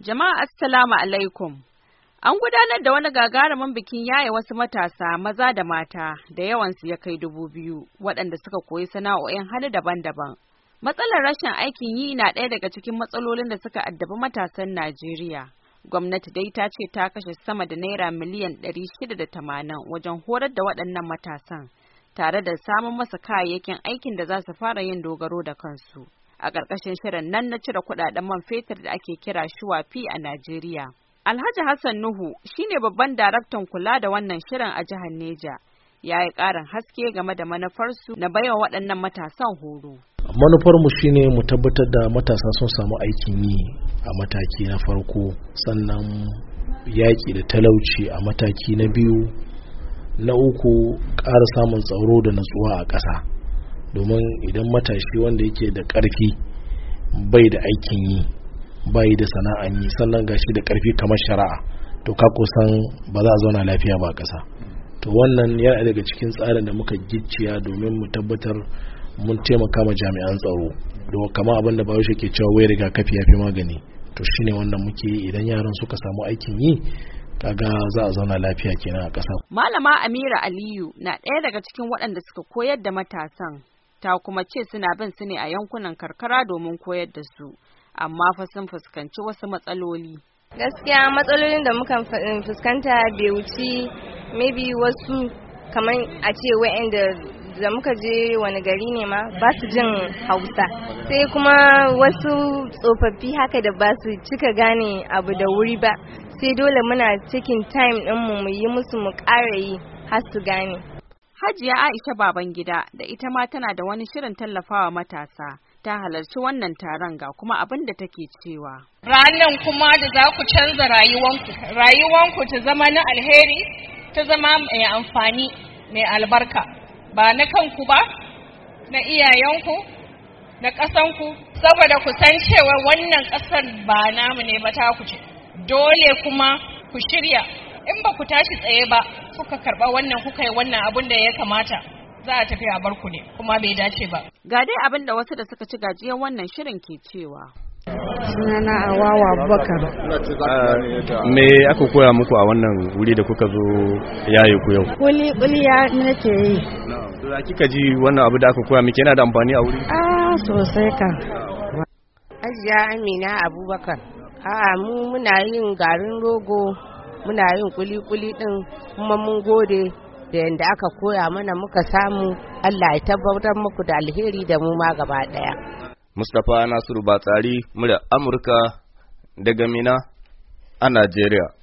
Jama'a Assalamu alaikum. An gudanar da wani gagarumin bikin yaye wasu matasa maza da mata da yawan su ya kai dubu biyu waɗanda suka koyi sana'o'in hali daban-daban. Matsalar rashin aikin yi na ɗaya daga cikin matsalolin da suka addabi matasan Najeriya. Gwamnati dai ta ce ta kashe sama da naira miliyan ɗari shida da tamanin wajen horar da waɗannan matasan tare da samun masa kayayyakin aikin da za su fara yin dogaro da kansu. a ƙarƙashin shirin nan na cire kuɗaɗen man fetur da ake kira fi a Najeriya. Alhaji Hassan Nuhu shine babban daraktan kula da wannan shirin a jihar Neja. Ya yi ƙarin haske game da manufarsu na baiwa waɗannan matasan horo. manufarmu shine mu tabbatar da matasa sun samu aikin yi a mataki na farko sannan yaƙi da talauci a mataki na biyu na uku ƙara samun tsaro da natsuwa a ƙasa domin idan matashi wanda yake da ƙarfi bai da aikin yi bai da sana'a yi sannan gashi da ƙarfi kamar shari'a to ka kusan ba za a zauna lafiya ba ƙasa to wannan yana daga cikin tsarin da muka gicciya domin mu tabbatar mun taimaka ma jami'an tsaro da kama abin da bayo ke cewa wai rigakafi ya fi magani to shine wannan muke idan yaran suka samu aikin yi kaga za a zauna lafiya kenan a ƙasa. Malama Amira Aliyu na ɗaya daga cikin waɗanda suka koyar da matasan ta kuma ce suna bin su ne a yankunan karkara domin koyar da su amma fa sun fuskanci wasu matsaloli gaskiya matsalolin da muka eh, fuskanta bai wuci maybe wasu kamar a ce wa'anda da muka je wani gari ne ma ba su jin hausa sai kuma wasu tsofaffi haka da ba su cika gane abu da wuri ba sai dole muna cikin time ɗinmu mu yi musu mu ƙara yi har su gane Hajiya Aisha baban gida da ita ma tana da wani shirin tallafawa matasa. Ta halarci wannan taron ga kuma abin da take cewa. Ranan kuma da za ku canza rayuwanku, rayuwanku ta zama na alheri, ta zama mai amfani, mai albarka, ba na kanku ba, na iyayenku, na ƙasanku, saboda ku san cewa wannan ƙasar ba namu ne ba ta ku ce. Dole kuma ku shirya in ba ku tashi tsaye ba kuka karba wannan kuka yi wannan abun da ya kamata za a tafi a bar ku ne kuma bai dace ba ga dai abin da wasu da suka ci gajiyar wannan shirin ke cewa sunana awawa abubakar eh, me aka koya muku a wannan wuri da kuka zo yayi ku yau kuli kuli ya nake yi da kika ji wannan abu da aka koya miki yana da amfani a wuri ah sosai ka. ajiya amina abubakar a mu muna yin garin rogo muna yin kuli-kuli din kuma mun gode da yadda aka koya mana muka samu Allah ya tabbatar muku da alheri da mu ma gaba daya. Mustapha Nasiru Batsari, murya Amurka daga Mina a Najeriya.